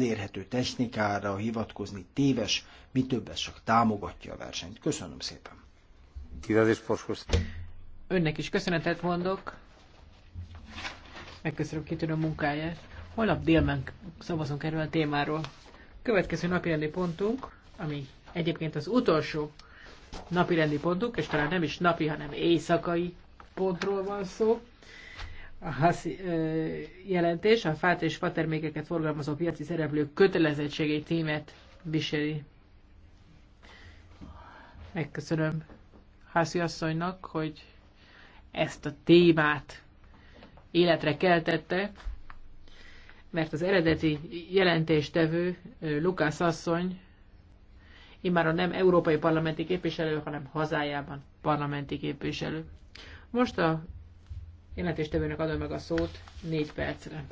elérhető technikára hivatkozni téves, mi többet csak támogatja a versenyt. Köszönöm szépen. Önnek is köszönetet mondok. Megköszönöm kitűnő munkáját. Holnap délben szavazunk erről a témáról. Következő napirendi pontunk, ami egyébként az utolsó napirendi pontunk, és talán nem is napi, hanem éjszakai pontról van szó a HASZ jelentés a fát és fatermékeket forgalmazó piaci szereplők kötelezettségei címet viseli. Megköszönöm Hászi asszonynak, hogy ezt a témát életre keltette, mert az eredeti jelentéstevő Lukász asszony immáron nem európai parlamenti képviselő, hanem hazájában parlamenti képviselő. Most a Jelentéstevőnek adom meg a szót négy percre.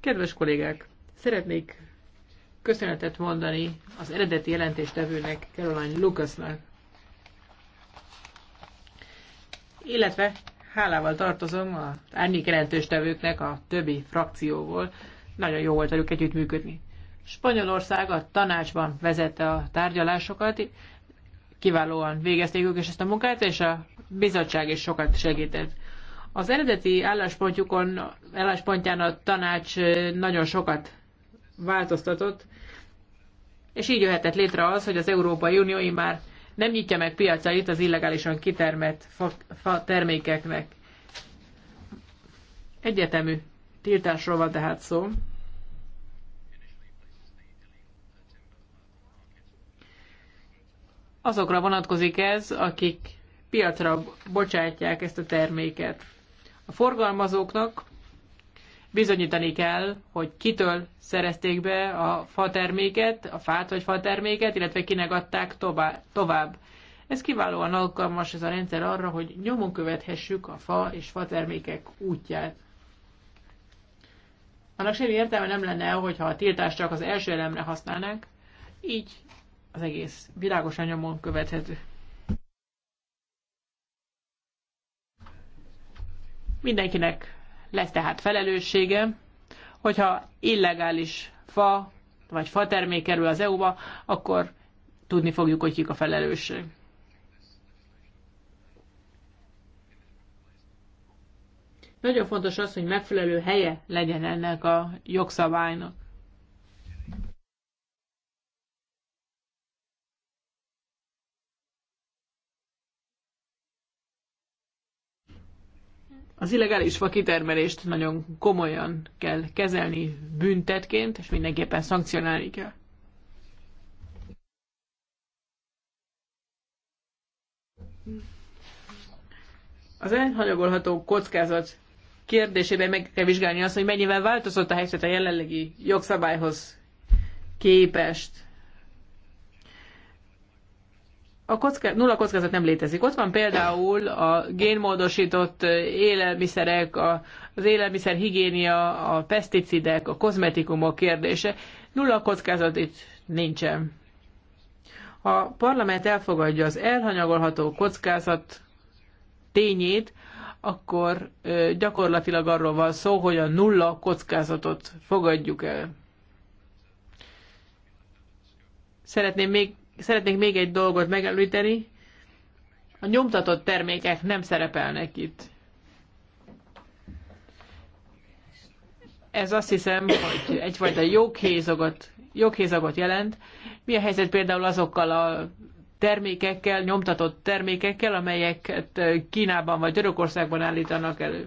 Kedves kollégák, szeretnék köszönetet mondani az eredeti jelentéstevőnek, Caroline Lucasnak, illetve hálával tartozom az árnyék jelentéstevőknek a többi frakcióból. Nagyon jó volt velük együttműködni. Spanyolország a tanácsban vezette a tárgyalásokat, kiválóan végezték ők is ezt a munkát, és a bizottság is sokat segített. Az eredeti álláspontjukon, álláspontján a tanács nagyon sokat változtatott, és így jöhetett létre az, hogy az Európai Unió már nem nyitja meg piacait az illegálisan kitermett fa, fa termékeknek. Egyetemű tiltásról van tehát szó. azokra vonatkozik ez, akik piacra bocsátják ezt a terméket. A forgalmazóknak bizonyítani kell, hogy kitől szerezték be a fa terméket, a fát vagy fa terméket, illetve kinek adták tovább. Ez kiválóan alkalmas ez a rendszer arra, hogy nyomon követhessük a fa és fa termékek útját. Annak semmi értelme nem lenne, hogyha a tiltást csak az első elemre használnánk, így az egész világosan nyomon követhető. Mindenkinek lesz tehát felelőssége, hogyha illegális fa vagy fa termék kerül az EU-ba, akkor tudni fogjuk, hogy kik a felelősség. Nagyon fontos az, hogy megfelelő helye legyen ennek a jogszabálynak. Az illegális fakitermelést nagyon komolyan kell kezelni büntetként, és mindenképpen szankcionálni kell. Az elhanyagolható kockázat kérdésében meg kell vizsgálni azt, hogy mennyivel változott a helyzet a jelenlegi jogszabályhoz képest a kocka, nulla kockázat nem létezik. Ott van például a génmódosított élelmiszerek, a, az élelmiszer higiénia, a peszticidek, a kozmetikumok kérdése. Nulla kockázat itt nincsen. Ha a parlament elfogadja az elhanyagolható kockázat tényét, akkor gyakorlatilag arról van szó, hogy a nulla kockázatot fogadjuk el. Szeretném még szeretnék még egy dolgot megelőíteni. A nyomtatott termékek nem szerepelnek itt. Ez azt hiszem, hogy egyfajta joghézagot, joghézagot jelent. Mi a helyzet például azokkal a termékekkel, nyomtatott termékekkel, amelyeket Kínában vagy Törökországban állítanak elő?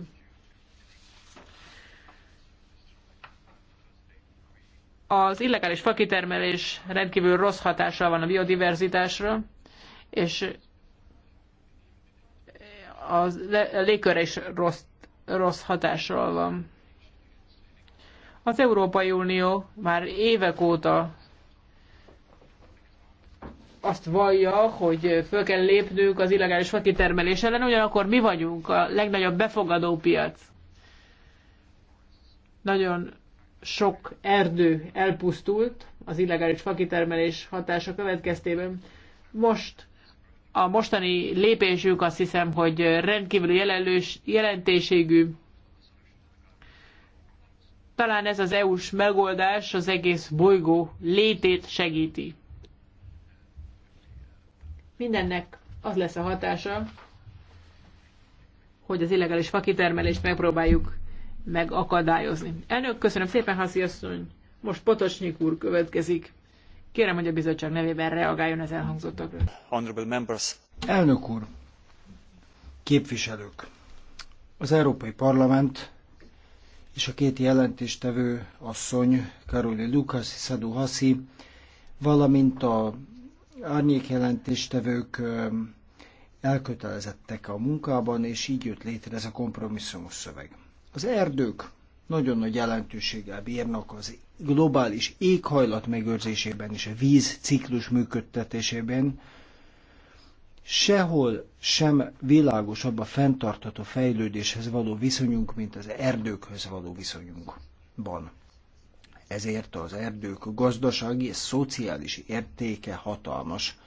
az illegális fakitermelés rendkívül rossz hatással van a biodiverzitásra, és a légkörre is rossz, rossz hatással van. Az Európai Unió már évek óta azt vallja, hogy föl kell lépnünk az illegális fakitermelés ellen, ugyanakkor mi vagyunk a legnagyobb befogadó piac. Nagyon sok erdő elpusztult az illegális fakitermelés hatása következtében. Most a mostani lépésük azt hiszem, hogy rendkívül jelentős, jelentőségű. Talán ez az EU-s megoldás az egész bolygó létét segíti. Mindennek az lesz a hatása, hogy az illegális fakitermelést megpróbáljuk megakadályozni. Elnök, köszönöm szépen, Haszi asszony. Most Potocsnyik úr következik. Kérem, hogy a bizottság nevében reagáljon az elhangzottakra. Honorable members. Elnök úr, képviselők, az Európai Parlament és a két jelentéstevő asszony, Karoli Lukasz, Szadú Haszi, valamint a árnyék jelentéstevők elkötelezettek a munkában, és így jött létre ez a kompromisszumos szöveg. Az erdők nagyon nagy jelentőséggel bírnak az globális éghajlat megőrzésében és a víz ciklus működtetésében. Sehol sem világosabb a fenntartható fejlődéshez való viszonyunk, mint az erdőkhöz való viszonyunkban. Ezért az erdők gazdasági és szociális értéke hatalmas.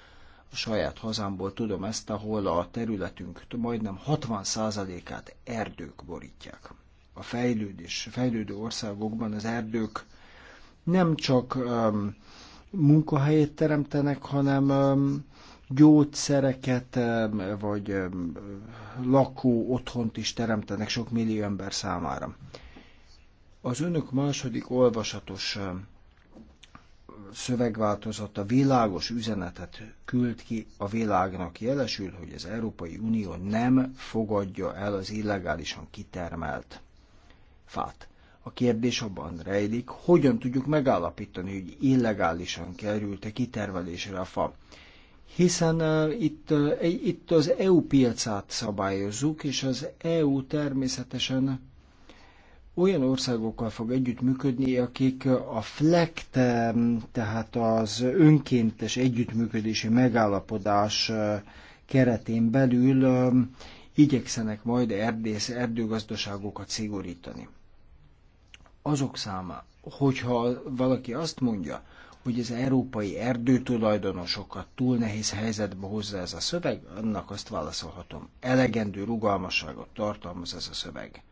A saját hazámból tudom ezt, ahol a területünk majdnem 60%-át erdők borítják a fejlődés, fejlődő országokban az erdők nem csak um, munkahelyet teremtenek, hanem um, gyógyszereket um, vagy um, lakó otthont is teremtenek sok millió ember számára. Az önök második olvasatos um, szövegváltozata világos üzenetet küld ki a világnak, jelesül, hogy az Európai Unió nem fogadja el az illegálisan kitermelt fát. A kérdés abban rejlik, hogyan tudjuk megállapítani, hogy illegálisan került a kitermelésre a fa. Hiszen uh, itt, uh, itt az EU piacát szabályozzuk, és az EU természetesen olyan országokkal fog együttműködni, akik a FLECT, tehát az önkéntes együttműködési megállapodás keretén belül igyekszenek majd erdész erdőgazdaságokat szigorítani azok száma, hogyha valaki azt mondja, hogy az európai erdőtulajdonosokat túl nehéz helyzetbe hozza ez a szöveg, annak azt válaszolhatom. Elegendő rugalmasságot tartalmaz ez a szöveg.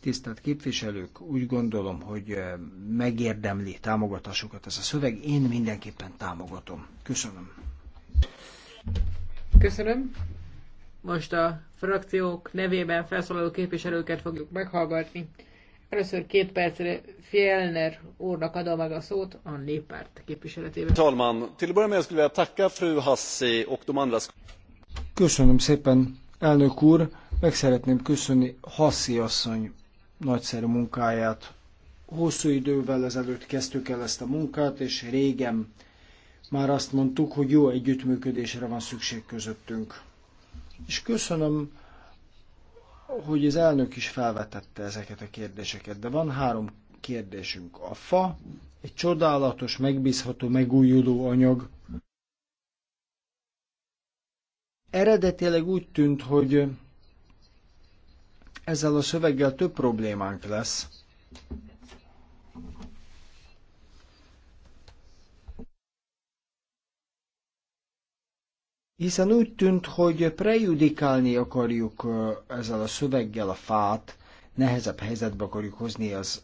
Tisztelt képviselők, úgy gondolom, hogy eh, megérdemli támogatásukat ez a szöveg. Én mindenképpen támogatom. Köszönöm. Köszönöm. Most a frakciók nevében felszólaló képviselőket fogjuk meghallgatni. Először két percre Fjellner úrnak adom meg a szót a néppárt képviseletében. Talman, till börja med skulle tacka fru Hassi och de andra. Köszönöm szépen, elnök úr. Meg szeretném köszönni Hassi asszony nagyszerű munkáját. Hosszú idővel ezelőtt kezdtük el ezt a munkát, és régen már azt mondtuk, hogy jó együttműködésre van szükség közöttünk. És köszönöm hogy az elnök is felvetette ezeket a kérdéseket, de van három kérdésünk. A fa egy csodálatos, megbízható, megújuló anyag. Eredetileg úgy tűnt, hogy ezzel a szöveggel több problémánk lesz, hiszen úgy tűnt, hogy prejudikálni akarjuk ezzel a szöveggel a fát, nehezebb helyzetbe akarjuk hozni az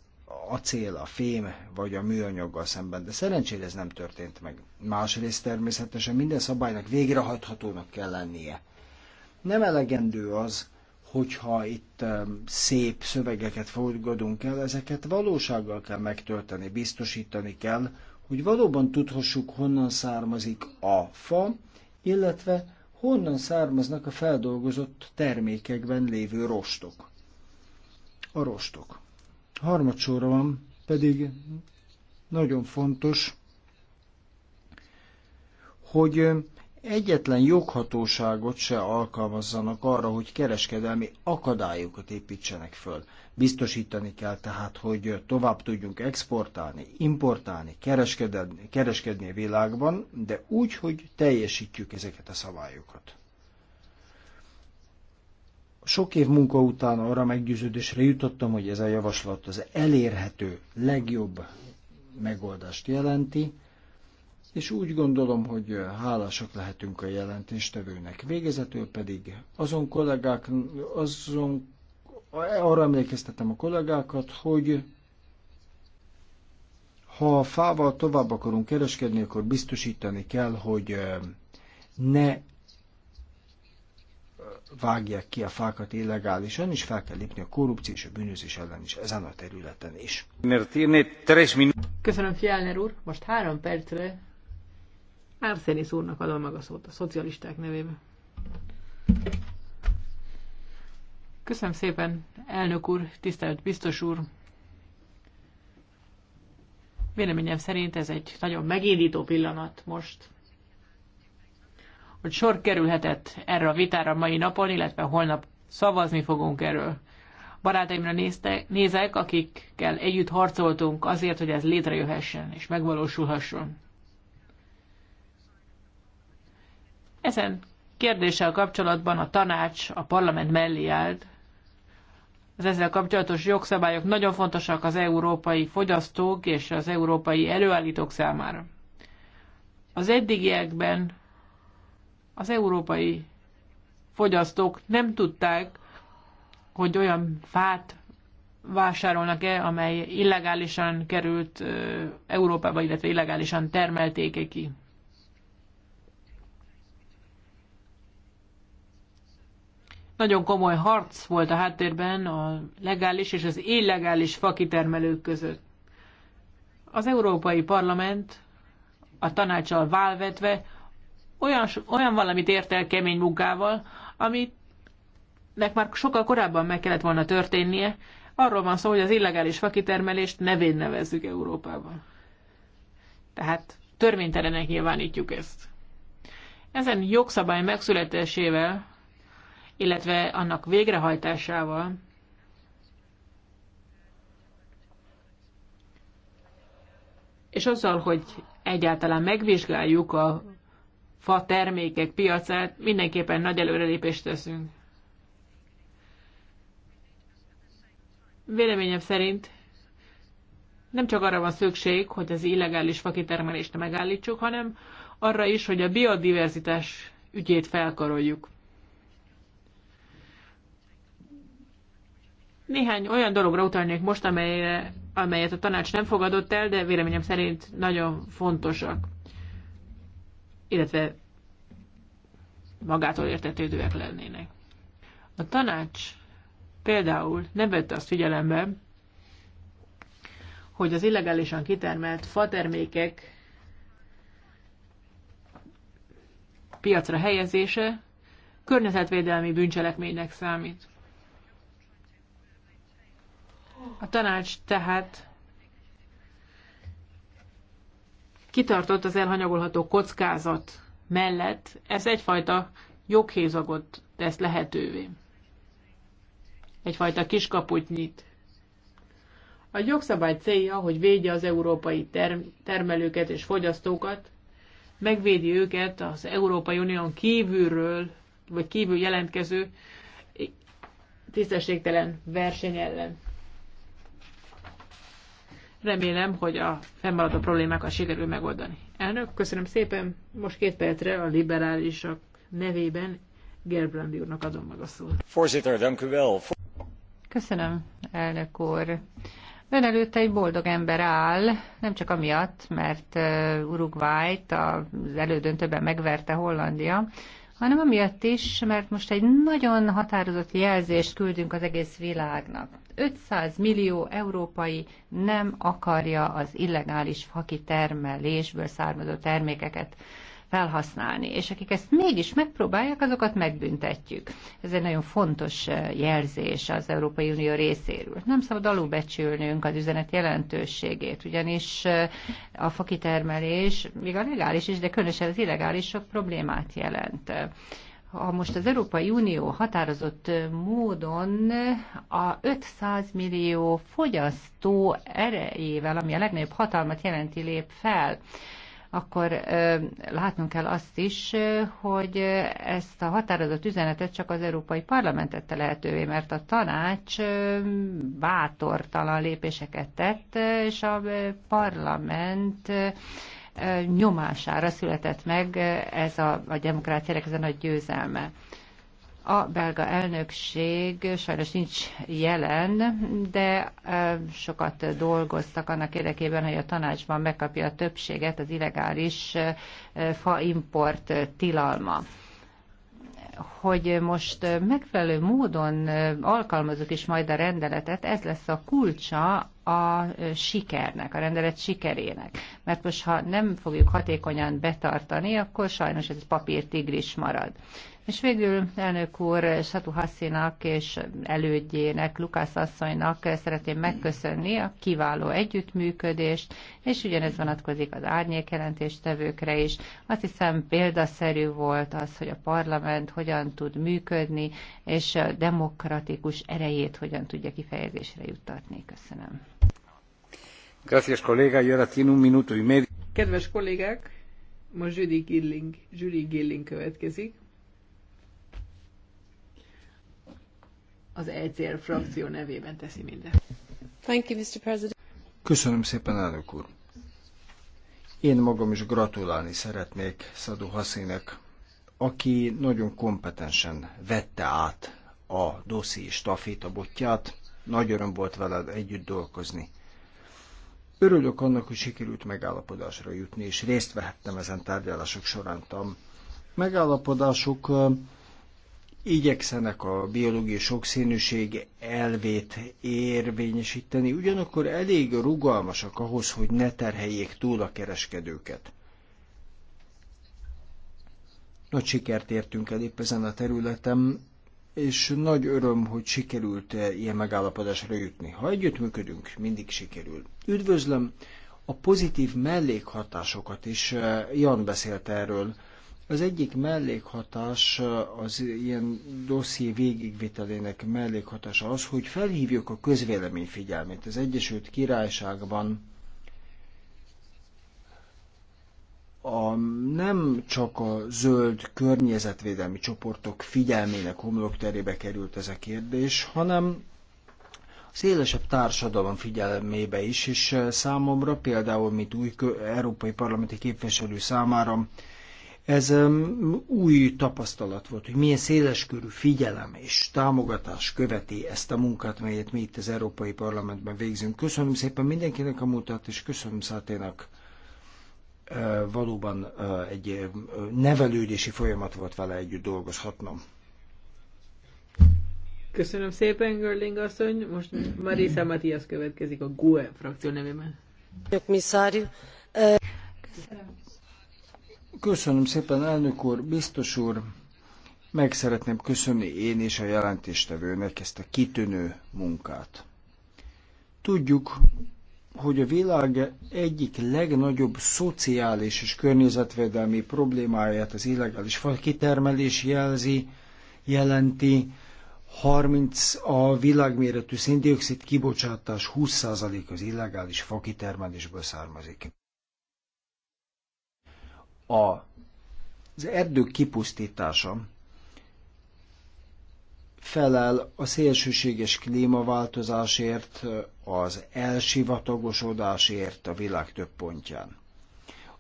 acél, a fém vagy a műanyaggal szemben, de szerencsére ez nem történt meg. Másrészt természetesen minden szabálynak végrehajthatónak kell lennie. Nem elegendő az, hogyha itt szép szövegeket fogadunk el, ezeket valósággal kell megtölteni, biztosítani kell, hogy valóban tudhassuk, honnan származik a fa, illetve honnan származnak a feldolgozott termékekben lévő rostok. A rostok. Harmadsorra van, pedig nagyon fontos, hogy egyetlen joghatóságot se alkalmazzanak arra, hogy kereskedelmi akadályokat építsenek föl. Biztosítani kell tehát, hogy tovább tudjunk exportálni, importálni, kereskedni, kereskedni a világban, de úgy, hogy teljesítjük ezeket a szabályokat. Sok év munka után arra meggyőződésre jutottam, hogy ez a javaslat az elérhető legjobb megoldást jelenti, és úgy gondolom, hogy hálásak lehetünk a jelentéstevőnek. Végezetül pedig azon kollégák, azon, arra emlékeztetem a kollégákat, hogy ha a fával tovább akarunk kereskedni, akkor biztosítani kell, hogy ne vágják ki a fákat illegálisan, és fel kell lépni a korrupció és a bűnözés ellen is ezen a területen is. Köszönöm, Fjellner úr. Most három percre Arsenis úrnak adom meg a szót a szocialisták nevében. Köszönöm szépen, elnök úr, tisztelt biztos úr. Véleményem szerint ez egy nagyon megindító pillanat most, hogy sor kerülhetett erre a vitára mai napon, illetve holnap szavazni fogunk erről. Barátaimra néztek, nézek, akikkel együtt harcoltunk azért, hogy ez létrejöhessen és megvalósulhasson. Ezen kérdéssel kapcsolatban a tanács a parlament mellé állt. Az ezzel kapcsolatos jogszabályok nagyon fontosak az európai fogyasztók és az európai előállítók számára. Az eddigiekben az európai fogyasztók nem tudták, hogy olyan fát vásárolnak-e, amely illegálisan került Európába, illetve illegálisan termelték -e ki. Nagyon komoly harc volt a háttérben a legális és az illegális fakitermelők között. Az Európai Parlament a tanácsal válvetve olyan, olyan valamit ért el kemény munkával, aminek már sokkal korábban meg kellett volna történnie. Arról van szó, hogy az illegális fakitermelést nevén nevezzük Európában. Tehát törvénytelenek nyilvánítjuk ezt. Ezen jogszabály megszületésével illetve annak végrehajtásával és azzal, hogy egyáltalán megvizsgáljuk a fa termékek piacát, mindenképpen nagy előrelépést teszünk. Véleményem szerint nem csak arra van szükség, hogy az illegális fakitermelést megállítsuk, hanem arra is, hogy a biodiverzitás ügyét felkaroljuk. Néhány olyan dologra utalnék most, amelyre, amelyet a tanács nem fogadott el, de véleményem szerint nagyon fontosak, illetve magától értetődőek lennének. A tanács például nem vette azt figyelembe, hogy az illegálisan kitermelt fatermékek piacra helyezése környezetvédelmi bűncselekménynek számít. A tanács tehát kitartott az elhanyagolható kockázat mellett, ez egyfajta joghézagot tesz lehetővé. Egyfajta kiskaput nyit. A jogszabály célja, hogy védje az európai term- termelőket és fogyasztókat, megvédi őket az Európai Unión kívülről, vagy kívül jelentkező tisztességtelen verseny ellen. Remélem, hogy a fennmaradó problémákat sikerül megoldani. Elnök, köszönöm szépen. Most két percre a liberálisak nevében Gerbrandi úrnak adom meg a szót. Voorzitter, Köszönöm, elnök úr. Ön előtte egy boldog ember áll, nem csak amiatt, mert Uruguayt az elődöntőben megverte Hollandia, hanem amiatt is, mert most egy nagyon határozott jelzést küldünk az egész világnak. 500 millió európai nem akarja az illegális fakitermelésből származó termékeket felhasználni. És akik ezt mégis megpróbálják, azokat megbüntetjük. Ez egy nagyon fontos jelzés az Európai Unió részéről. Nem szabad alulbecsülnünk az üzenet jelentőségét, ugyanis a fakitermelés, még a legális is, de különösen az illegális sok problémát jelent ha most az Európai Unió határozott módon a 500 millió fogyasztó erejével, ami a legnagyobb hatalmat jelenti, lép fel, akkor látnunk kell azt is, hogy ezt a határozott üzenetet csak az Európai Parlament tette lehetővé, mert a tanács bátortalan lépéseket tett, és a parlament nyomására született meg ez a, a demokráciának ez a nagy győzelme. A belga elnökség sajnos nincs jelen, de sokat dolgoztak annak érdekében, hogy a tanácsban megkapja a többséget az illegális faimport tilalma hogy most megfelelő módon alkalmazok is majd a rendeletet, ez lesz a kulcsa a sikernek, a rendelet sikerének. Mert most, ha nem fogjuk hatékonyan betartani, akkor sajnos ez papírtigris marad. És végül elnök úr Satu Hassinak és elődjének, Lukász asszonynak szeretném megköszönni a kiváló együttműködést, és ugyanez vonatkozik az árnyékjelentéstevőkre is. Azt hiszem példaszerű volt az, hogy a parlament hogyan tud működni, és a demokratikus erejét hogyan tudja kifejezésre juttatni. Köszönöm. Gracias, kolléga. Y ahora un minuto Kedves kollégák, most Judy Gilling, Judy Gilling következik az ECR frakció nevében teszi mindezt. Thank you, Mr. President. Köszönöm szépen, elnök úr. Én magam is gratulálni szeretnék Szadó Haszének, aki nagyon kompetensen vette át a doszi stafétabotját. Nagy öröm volt veled együtt dolgozni. Örülök annak, hogy sikerült megállapodásra jutni, és részt vehettem ezen tárgyalások során. Megállapodások igyekszenek a biológiai sokszínűség elvét érvényesíteni, ugyanakkor elég rugalmasak ahhoz, hogy ne terheljék túl a kereskedőket. Nagy sikert értünk el épp ezen a területen, és nagy öröm, hogy sikerült ilyen megállapodásra jutni. Ha együttműködünk, mindig sikerül. Üdvözlöm a pozitív mellékhatásokat is, Jan beszélt erről, az egyik mellékhatás az ilyen dosszié végigvitelének mellékhatása az, hogy felhívjuk a közvélemény figyelmét. Az Egyesült Királyságban a, nem csak a zöld környezetvédelmi csoportok figyelmének homlokterébe került ez a kérdés, hanem szélesebb társadalom figyelmébe is, és eh, számomra például, mint új európai parlamenti képviselő számára ez új tapasztalat volt, hogy milyen széleskörű figyelem és támogatás követi ezt a munkát, melyet mi itt az Európai Parlamentben végzünk. Köszönöm szépen mindenkinek a mutat és köszönöm Száténak eh, valóban eh, egy eh, nevelődési folyamat volt vele együtt dolgozhatnom. Köszönöm szépen, Görling asszony. Most Marisa Matias következik a GUE frakció nevében. Köszönöm. Köszönöm szépen, elnök úr, biztos úr. Meg szeretném köszönni én is a jelentéstevőnek ezt a kitűnő munkát. Tudjuk, hogy a világ egyik legnagyobb szociális és környezetvédelmi problémáját az illegális fajkitermelés jelzi, jelenti, 30 a világméretű széndiokszid kibocsátás 20% az illegális fakitermelésből származik a az erdők kipusztítása felel a szélsőséges klímaváltozásért, az elsivatagosodásért a világ több pontján.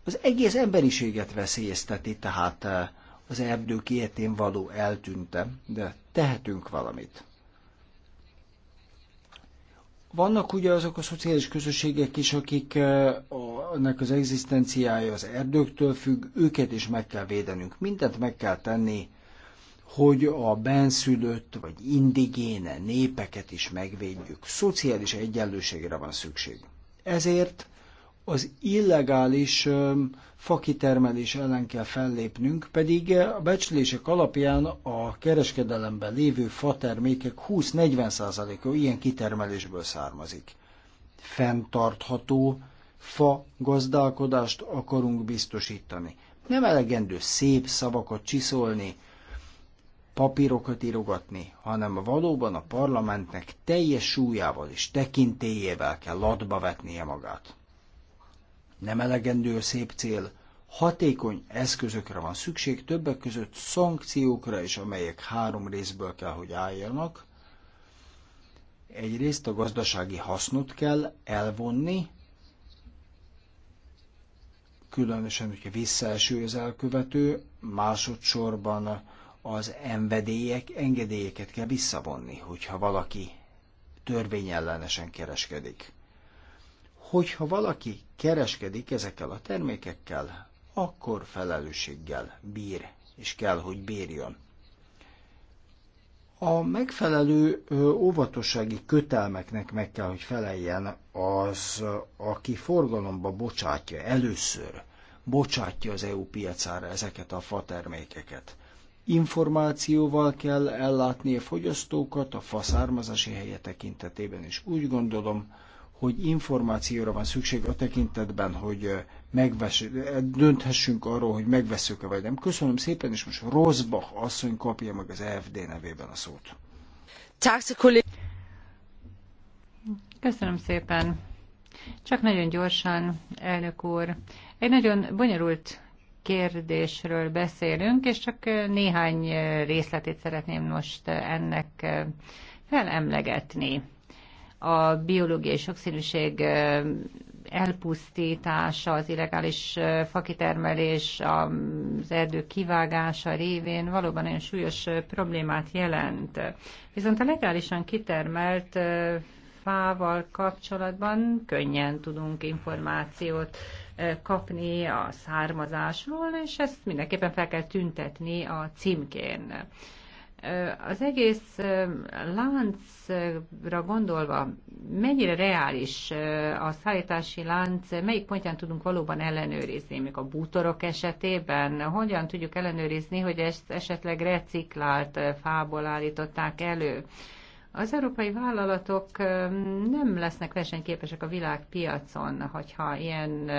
Az egész emberiséget veszélyezteti, tehát eh, az erdők ilyetén való eltűnte, de tehetünk valamit. Vannak ugye azok a szociális közösségek is, akik eh, ennek az egzisztenciája az erdőktől függ, őket is meg kell védenünk. Mindent meg kell tenni, hogy a benszülött vagy indigéne népeket is megvédjük. Szociális egyenlőségre van szükség. Ezért az illegális fakitermelés ellen kell fellépnünk, pedig a becslések alapján a kereskedelemben lévő fatermékek 20-40%-a ilyen kitermelésből származik. Fentartható fa gazdálkodást akarunk biztosítani. Nem elegendő szép szavakat csiszolni, papírokat írogatni, hanem valóban a parlamentnek teljes súlyával és tekintélyével kell latba vetnie magát nem elegendő a szép cél, hatékony eszközökre van szükség, többek között szankciókra is, amelyek három részből kell, hogy álljanak. Egyrészt a gazdasági hasznot kell elvonni, különösen, hogyha visszaeső az elkövető, másodszorban az envedélyek, engedélyeket kell visszavonni, hogyha valaki törvényellenesen kereskedik hogyha valaki kereskedik ezekkel a termékekkel, akkor felelősséggel bír, és kell, hogy bírjon. A megfelelő óvatossági kötelmeknek meg kell, hogy feleljen az, aki forgalomba bocsátja először, bocsátja az EU piacára ezeket a fa termékeket. Információval kell ellátni a fogyasztókat a fa helye tekintetében, és úgy gondolom, hogy információra van szükség a tekintetben, hogy megves, dönthessünk arról, hogy megveszünk-e vagy nem. Köszönöm szépen, és most Rosbach asszony kapja meg az EFD nevében a szót. Köszönöm szépen. Csak nagyon gyorsan, elnök úr. Egy nagyon bonyolult kérdésről beszélünk, és csak néhány részletét szeretném most ennek felemlegetni a biológiai sokszínűség elpusztítása, az illegális fakitermelés, az erdő kivágása révén valóban olyan súlyos problémát jelent. Viszont a legálisan kitermelt fával kapcsolatban könnyen tudunk információt kapni a származásról, és ezt mindenképpen fel kell tüntetni a címkén. Az egész láncra gondolva, mennyire reális a szállítási lánc, melyik pontján tudunk valóban ellenőrizni, még a bútorok esetében, hogyan tudjuk ellenőrizni, hogy ezt esetleg reciklált fából állították elő. Az európai vállalatok nem lesznek versenyképesek a világpiacon, hogyha ilyen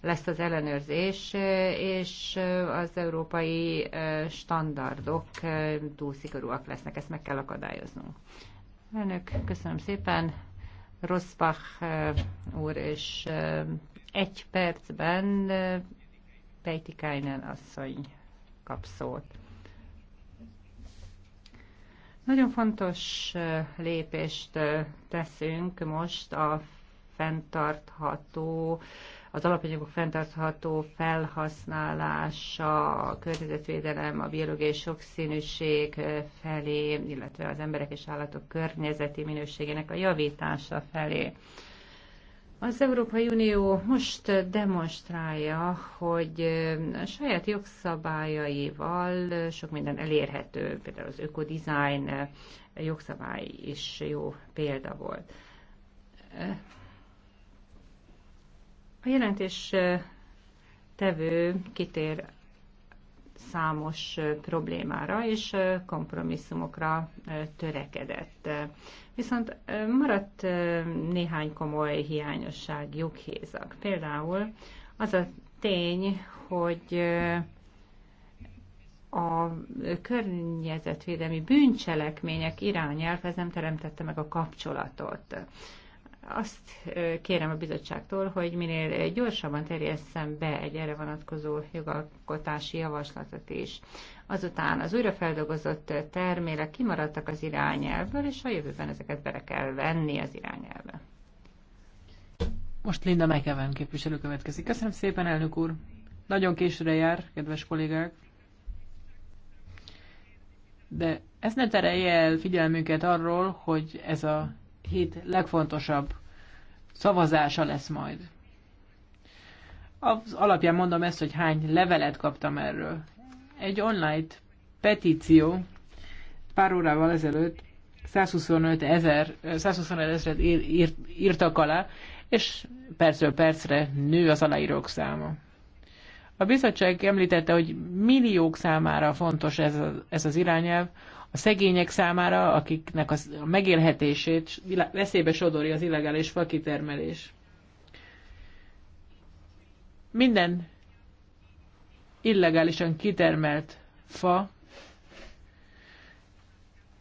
lesz az ellenőrzés, és az európai standardok túl szigorúak lesznek, ezt meg kell akadályoznunk. Önök, köszönöm szépen. Rosbach úr, és egy percben Peitikainen asszony kap szót. Nagyon fontos lépést teszünk most a fenntartható az alapanyagok fenntartható felhasználása, a környezetvédelem, a biológiai sokszínűség felé, illetve az emberek és állatok környezeti minőségének a javítása felé. Az Európai Unió most demonstrálja, hogy a saját jogszabályaival sok minden elérhető, például az ökodizájn jogszabály is jó példa volt. A jelentés tevő kitér számos problémára és kompromisszumokra törekedett. Viszont maradt néhány komoly hiányosság, joghézak. Például az a tény, hogy a környezetvédelmi bűncselekmények irányelv ez nem teremtette meg a kapcsolatot. Azt kérem a bizottságtól, hogy minél gyorsabban terjesszem be egy erre vonatkozó jogalkotási javaslatot is. Azután az újrafeldolgozott termélek kimaradtak az irányelvből, és a jövőben ezeket bele kell venni az irányelvbe. Most Linda McEwen képviselő következik. Köszönöm szépen, elnök úr! Nagyon későre jár, kedves kollégák! De ez ne terelje el figyelmünket arról, hogy ez a hét legfontosabb szavazása lesz majd. Az alapján mondom ezt, hogy hány levelet kaptam erről. Egy online petíció pár órával ezelőtt 125 ezer, 125 ezeret ír, ír, írtak alá, és percről percre nő az aláírók száma. A bizottság említette, hogy milliók számára fontos ez, a, ez az irányelv, a szegények számára, akiknek a megélhetését veszélybe sodorja az illegális fakitermelés. Minden illegálisan kitermelt fa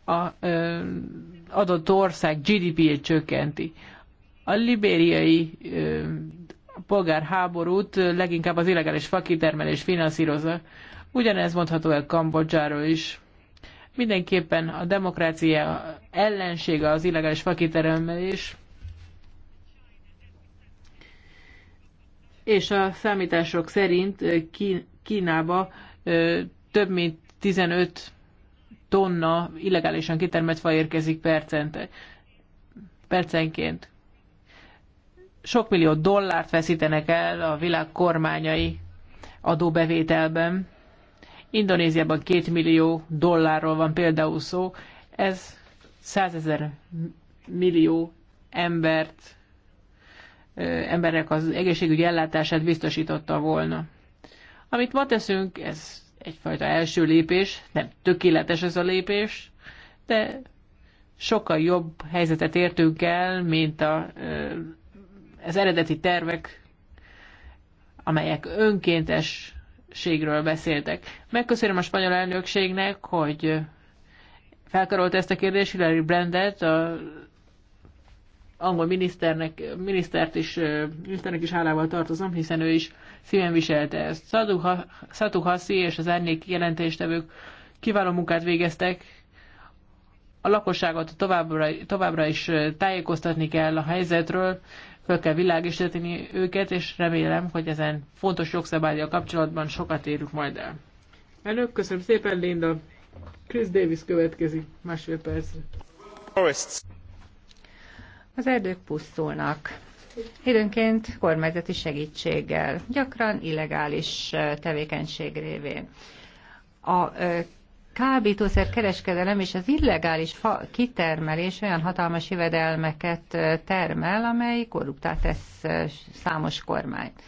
a ö, adott ország GDP-jét csökkenti. A libériai ö, polgárháborút leginkább az illegális fakitermelés finanszírozza. Ugyanez mondható el Kambodzsáról is. Mindenképpen a demokrácia ellensége az illegális fakitermelés, és a számítások szerint Kínába több mint 15 tonna illegálisan kitermelt fa érkezik percente, percenként. Sok millió dollárt veszítenek el a világ kormányai adóbevételben. Indonéziában két millió dollárról van például szó, ez százezer millió embert, emberek az egészségügyi ellátását biztosította volna. Amit ma teszünk, ez egyfajta első lépés, nem tökéletes ez a lépés, de sokkal jobb helyzetet értünk el, mint a, az eredeti tervek, amelyek önkéntes ségről beszéltek. Megköszönöm a spanyol elnökségnek, hogy felkarolt ezt a kérdést, Hillary Brandet, a angol miniszternek, minisztert is, miniszternek is hálával tartozom, hiszen ő is szíven viselte ezt. Szatu Hassi és az árnyék jelentéstevők kiváló munkát végeztek, a lakosságot továbbra, továbbra is tájékoztatni kell a helyzetről, fel kell világosítani őket, és remélem, hogy ezen fontos jogszabályjal kapcsolatban sokat érünk majd el. Elnök, köszönöm szépen, Linda. Chris Davis következik, másfél percre. Forests. Az erdők pusztulnak. Időnként kormányzati segítséggel, gyakran illegális tevékenység révén. A kábítószer kereskedelem és az illegális fa kitermelés olyan hatalmas jövedelmeket termel, amely korruptá tesz számos kormányt.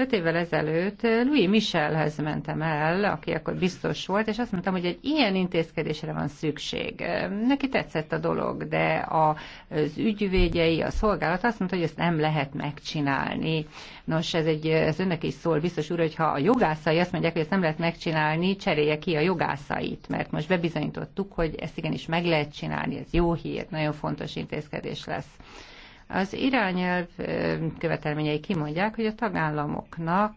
Öt évvel ezelőtt Louis Michelhez mentem el, aki akkor biztos volt, és azt mondtam, hogy egy ilyen intézkedésre van szükség. Neki tetszett a dolog, de az ügyvédjei, a szolgálat azt mondta, hogy ezt nem lehet megcsinálni. Nos, ez, egy, ez önnek is szól, biztos úr, hogy ha a jogászai azt mondják, hogy ezt nem lehet megcsinálni, cserélje ki a jogászait, mert most bebizonyítottuk, hogy ezt igenis meg lehet csinálni, ez jó hír, nagyon fontos intézkedés lesz. Az irányelv követelményei kimondják, hogy a tagállamoknak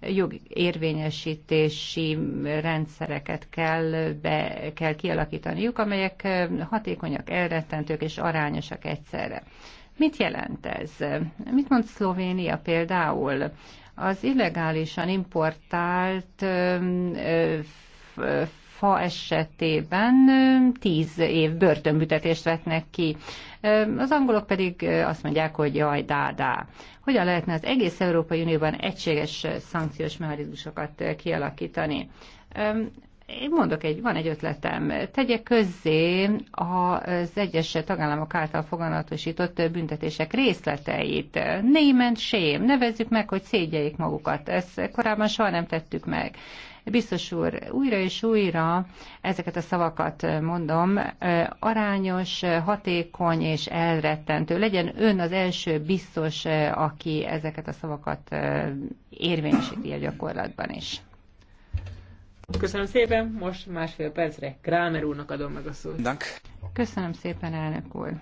jogérvényesítési rendszereket kell, be, kell kialakítaniuk, amelyek hatékonyak, elrettentők és arányosak egyszerre. Mit jelent ez? Mit mond Szlovénia például? Az illegálisan importált fa esetében tíz év börtönbüntetést vetnek ki. Az angolok pedig azt mondják, hogy jaj, dá, dá. Hogyan lehetne az egész Európai Unióban egységes szankciós mechanizmusokat kialakítani? Én mondok egy, van egy ötletem. Tegye közzé az egyes tagállamok által foganatosított büntetések részleteit. Name and shame. Nevezzük meg, hogy szégyeljék magukat. Ezt korábban soha nem tettük meg. Biztos úr, újra és újra ezeket a szavakat mondom, arányos, hatékony és elrettentő. Legyen ön az első biztos, aki ezeket a szavakat érvényesíti a gyakorlatban is. Köszönöm szépen, most másfél percre Krámer úrnak adom meg a szót. Dank. Köszönöm szépen, elnök úr.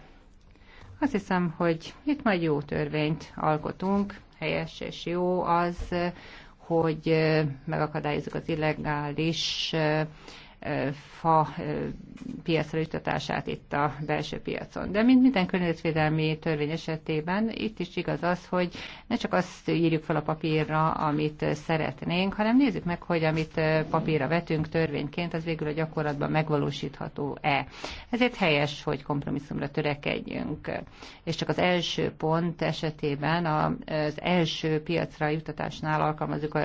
Azt hiszem, hogy itt majd jó törvényt alkotunk, helyes és jó az, hogy megakadályozzuk az illegális fa piacra jutatását itt a belső piacon. De mint minden környezetvédelmi törvény esetében itt is igaz az, hogy ne csak azt írjuk fel a papírra, amit szeretnénk, hanem nézzük meg, hogy amit papírra vetünk törvényként, az végül a gyakorlatban megvalósítható-e. Ezért helyes, hogy kompromisszumra törekedjünk. És csak az első pont esetében az első piacra jutatásnál alkalmazzuk a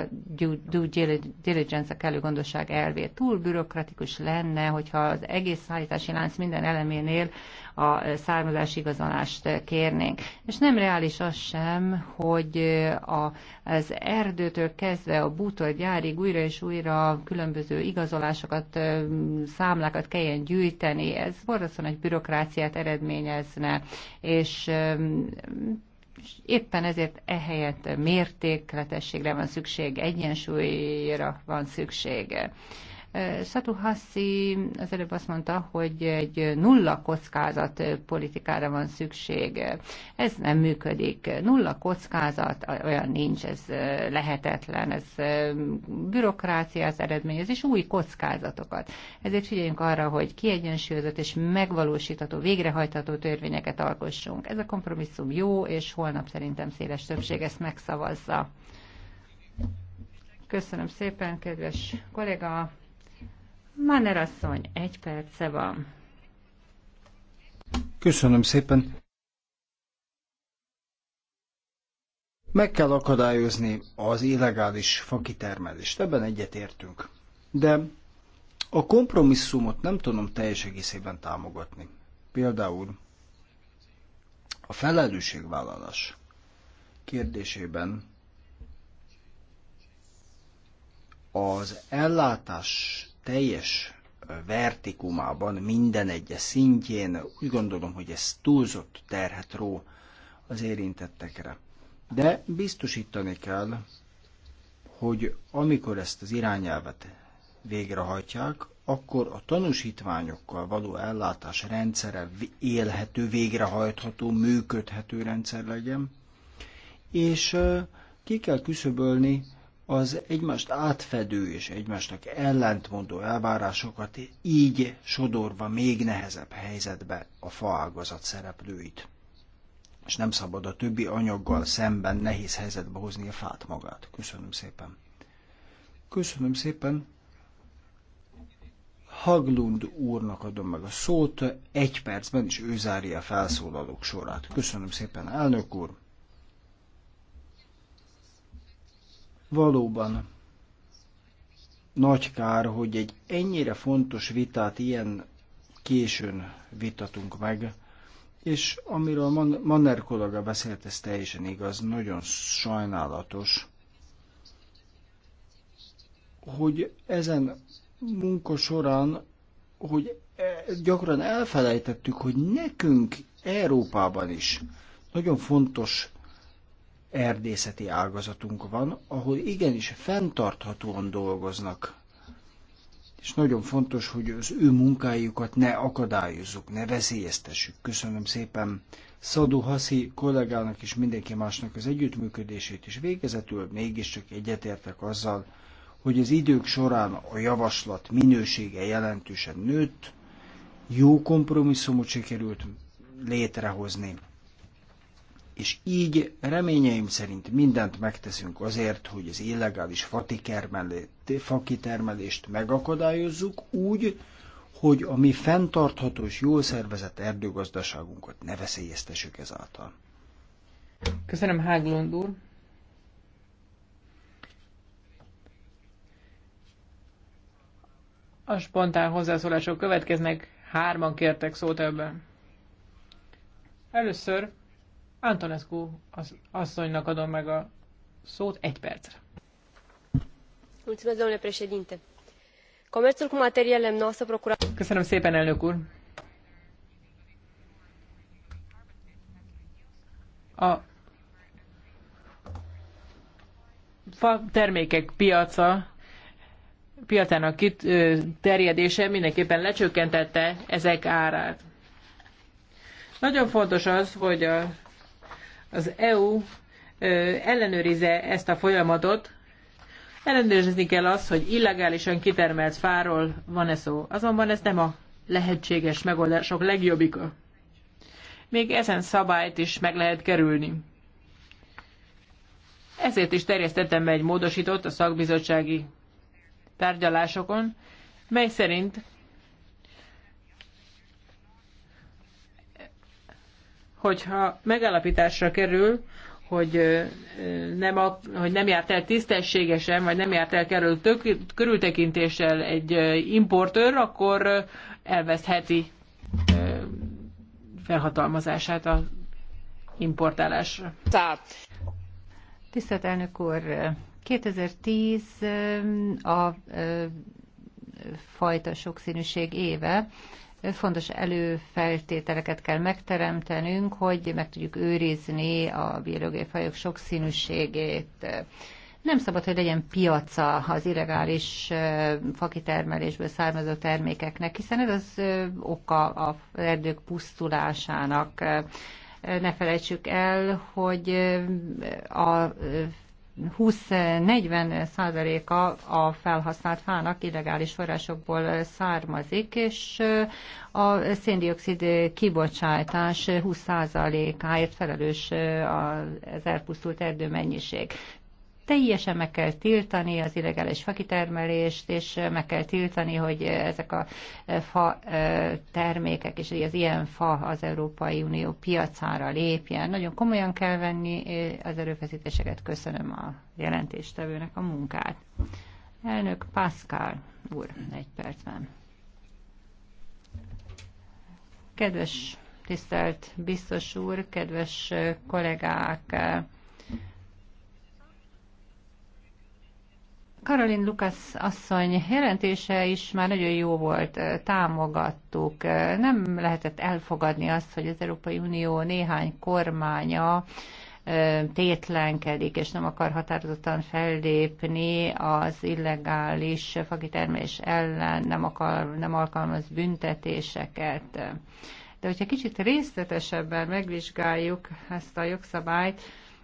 due diligence, a kellő gondosság elvét. Túl bürokrat demokratikus lenne, hogyha az egész szállítási lánc minden eleménél a származási igazolást kérnénk. És nem reális az sem, hogy a, az erdőtől kezdve a bútor gyárig újra és újra különböző igazolásokat, számlákat kelljen gyűjteni. Ez borzasztóan egy bürokráciát eredményezne, és éppen ezért ehelyett mértékletességre van szükség, egyensúlyra van szüksége. Satu Hassi az előbb azt mondta, hogy egy nulla kockázat politikára van szükség. Ez nem működik. Nulla kockázat olyan nincs, ez lehetetlen, ez bürokrácia az Ez is új kockázatokat. Ezért figyeljünk arra, hogy kiegyensúlyozott és megvalósítható, végrehajtható törvényeket alkossunk. Ez a kompromisszum jó, és holnap szerintem széles többség ezt megszavazza. Köszönöm szépen, kedves kollega! Manner asszony, egy perce van. Köszönöm szépen. Meg kell akadályozni az illegális fakitermelést, ebben egyetértünk. De a kompromisszumot nem tudom teljes egészében támogatni. Például a felelősségvállalás kérdésében az ellátás teljes vertikumában, minden egyes szintjén, úgy gondolom, hogy ez túlzott terhet ró az érintettekre. De biztosítani kell, hogy amikor ezt az irányelvet végrehajtják, akkor a tanúsítványokkal való ellátás rendszere élhető, végrehajtható, működhető rendszer legyen, és ki kell küszöbölni az egymást átfedő és egymásnak ellentmondó elvárásokat így sodorva még nehezebb helyzetbe a faágazat szereplőit. És nem szabad a többi anyaggal szemben nehéz helyzetbe hozni a fát magát. Köszönöm szépen. Köszönöm szépen. Haglund úrnak adom meg a szót, egy percben is ő zárja a felszólalók sorát. Köszönöm szépen, elnök úr. Valóban nagy kár, hogy egy ennyire fontos vitát ilyen későn vitatunk meg, és amiről Man- Manner kollega beszélt, ez teljesen igaz, nagyon sajnálatos, hogy ezen munka során, hogy e, gyakran elfelejtettük, hogy nekünk Európában is nagyon fontos erdészeti ágazatunk van, ahol igenis fenntarthatóan dolgoznak. És nagyon fontos, hogy az ő munkájukat ne akadályozzuk, ne veszélyeztessük. Köszönöm szépen Szadó Haszi kollégának és mindenki másnak az együttműködését, is végezetül mégiscsak egyetértek azzal, hogy az idők során a javaslat minősége jelentősen nőtt, jó kompromisszumot sikerült létrehozni és így reményeim szerint mindent megteszünk azért, hogy az illegális fakitermelést megakadályozzuk úgy, hogy a mi fenntartható és jól szervezett erdőgazdaságunkat ne veszélyeztessük ezáltal. Köszönöm, Háglund úr. A spontán hozzászólások következnek, hárman kértek szót ebben. Először Antonescu az asszonynak adom meg a szót egy percre. Mulțumesc, domnule președinte. Comerțul cu materie lemnoasă procura... Köszönöm szépen, elnök úr. A fa termékek piaca piacának terjedése mindenképpen lecsökkentette ezek árát. Nagyon fontos az, hogy a az EU ellenőrize ezt a folyamatot, ellenőrizni kell azt, hogy illegálisan kitermelt fáról van-e szó. Azonban ez nem a lehetséges megoldások legjobbika. Még ezen szabályt is meg lehet kerülni. Ezért is terjesztettem be egy módosított a szakbizottsági tárgyalásokon, mely szerint hogyha megállapításra kerül, hogy nem, a, hogy nem járt el tisztességesen, vagy nem járt el kerül tök, körültekintéssel egy importőr, akkor elveszheti felhatalmazását az importálásra. Tisztelt elnök úr, 2010 a fajta sokszínűség éve, fontos előfeltételeket kell megteremtenünk, hogy meg tudjuk őrizni a biológiai fajok sokszínűségét. Nem szabad, hogy legyen piaca az illegális fakitermelésből származó termékeknek, hiszen ez az oka a erdők pusztulásának ne felejtsük el, hogy a 20-40 százaléka a felhasznált fának illegális forrásokból származik, és a széndiokszid kibocsátás 20 százalékáért felelős az elpusztult erdőmennyiség teljesen meg kell tiltani az illegális fakitermelést, és meg kell tiltani, hogy ezek a fa termékek és az ilyen fa az Európai Unió piacára lépjen. Nagyon komolyan kell venni az erőfeszítéseket. Köszönöm a jelentéstevőnek a munkát. Elnök Pascal úr, egy percben. Kedves tisztelt biztos úr, kedves kollégák, Karolin Lukasz asszony jelentése is már nagyon jó volt, támogattuk. Nem lehetett elfogadni azt, hogy az Európai Unió néhány kormánya tétlenkedik, és nem akar határozottan fellépni az illegális fakitermelés ellen, nem, akar, nem alkalmaz büntetéseket. De hogyha kicsit részletesebben megvizsgáljuk ezt a jogszabályt,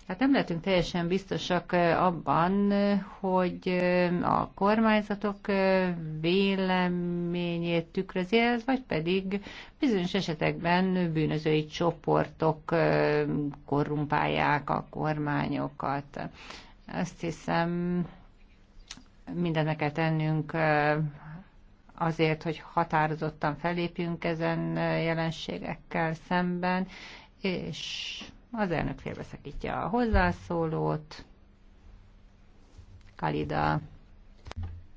Hát nem lehetünk teljesen biztosak eh, abban, hogy eh, a kormányzatok eh, véleményét tükrözi ez, vagy pedig bizonyos esetekben bűnözői csoportok korrumpálják a kormányokat. Azt hiszem, mindennek kell tennünk azért, hogy határozottan felépjünk ezen jelenségekkel szemben, és az elnök félbeszakítja a hozzászólót. Kalida.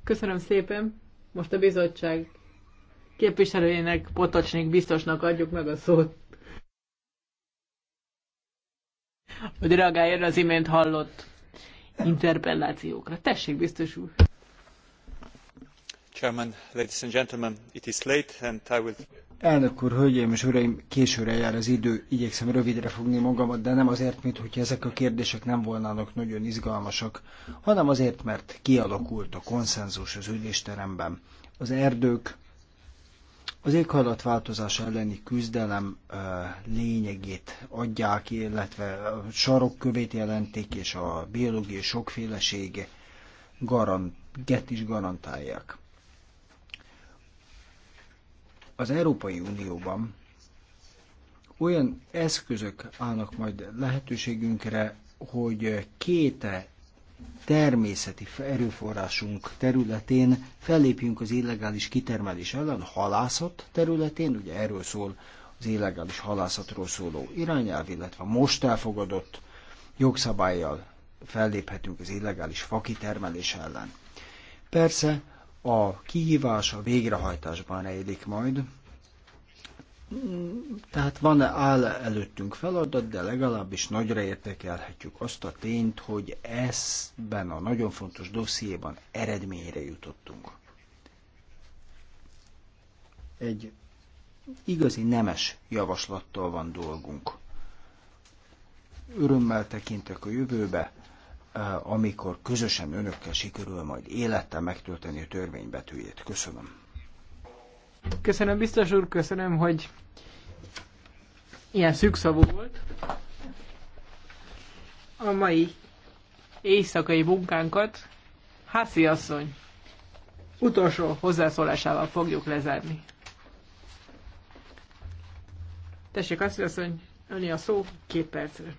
Köszönöm szépen. Most a bizottság képviselőjének, Potocsnik biztosnak adjuk meg a szót. Hogy reagáljon az imént hallott interpellációkra. Tessék, biztos úr! Elnök úr, hölgyeim és uraim, későre jár az idő, igyekszem rövidre fogni magamat, de nem azért, mintha ezek a kérdések nem volnának nagyon izgalmasak, hanem azért, mert kialakult a konszenzus az ülésteremben. Az erdők, az éghajlatváltozás elleni küzdelem lényegét adják, illetve a sarokkövét jelentik, és a biológiai sokféleség garant, get is garantálják. Az Európai Unióban olyan eszközök állnak majd lehetőségünkre, hogy két természeti erőforrásunk területén fellépjünk az illegális kitermelés ellen, halászat területén, ugye erről szól az illegális halászatról szóló irányelv, illetve most elfogadott jogszabályjal felléphetünk az illegális fakitermelés ellen. Persze a kihívás a végrehajtásban rejlik majd. Tehát van e áll előttünk feladat, de legalábbis nagyra értékelhetjük azt a tényt, hogy ezben a nagyon fontos dossziéban eredményre jutottunk. Egy igazi nemes javaslattal van dolgunk. Örömmel tekintek a jövőbe, Eh, amikor közösen önökkel sikerül majd élettel megtölteni a törvénybetűjét. Köszönöm. Köszönöm, biztos úr, köszönöm, hogy ilyen szűkszavú volt. A mai éjszakai munkánkat Hászi asszony utolsó hozzászólásával fogjuk lezárni. Tessék, Hászi asszony, öni a szó két percre.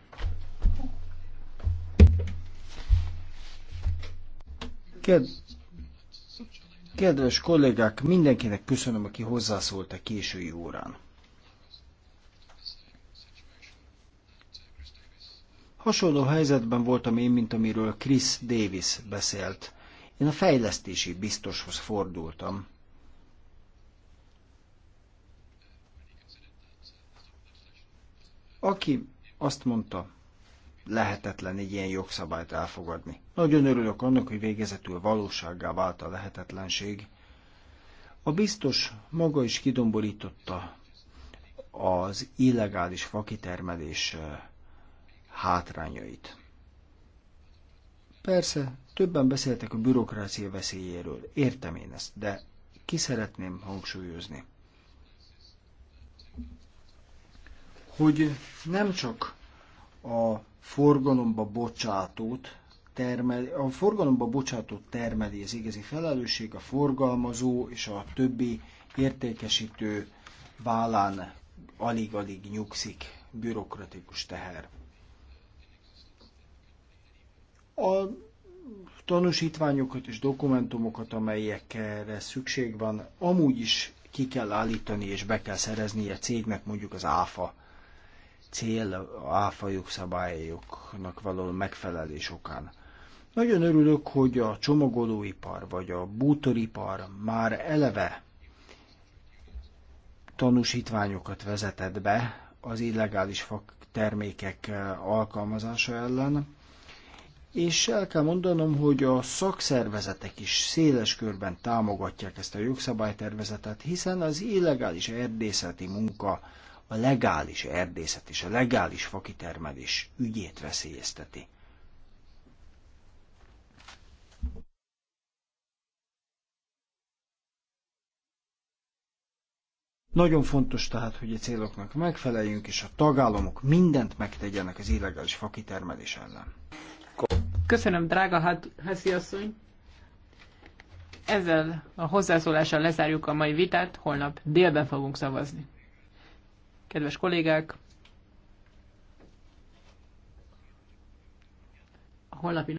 Kedves kollégák, mindenkinek köszönöm, aki hozzászólt a késői órán. Hasonló helyzetben voltam én, mint amiről Chris Davis beszélt. Én a fejlesztési biztoshoz fordultam. Aki azt mondta, lehetetlen egy ilyen jogszabályt elfogadni. Nagyon örülök annak, hogy végezetül valósággá vált a lehetetlenség. A biztos maga is kidomborította az illegális fakitermelés hátrányait. Persze, többen beszéltek a bürokrácia veszélyéről, értem én ezt, de ki szeretném hangsúlyozni, hogy nem csak a forgalomba bocsátót termel, a forgalomba bocsátót termeli az igazi felelősség, a forgalmazó és a többi értékesítő vállán alig-alig nyugszik bürokratikus teher. A tanúsítványokat és dokumentumokat, amelyekre szükség van, amúgy is ki kell állítani és be kell szerezni a cégnek mondjuk az áfa cél áfajuk szabályoknak való megfelelés okán. Nagyon örülök, hogy a csomagolóipar vagy a bútoripar már eleve tanúsítványokat vezetett be az illegális fak termékek alkalmazása ellen, és el kell mondanom, hogy a szakszervezetek is széles körben támogatják ezt a jogszabálytervezetet, hiszen az illegális erdészeti munka a legális erdészet és a legális fakitermelés ügyét veszélyezteti. Nagyon fontos tehát, hogy a céloknak megfeleljünk, és a tagállamok mindent megtegyenek az illegális fakitermelés ellen. Köszönöm, drága hát- Heszi asszony! Ezzel a hozzászólással lezárjuk a mai vitát, holnap délben fogunk szavazni kedves kollégák! A holnapi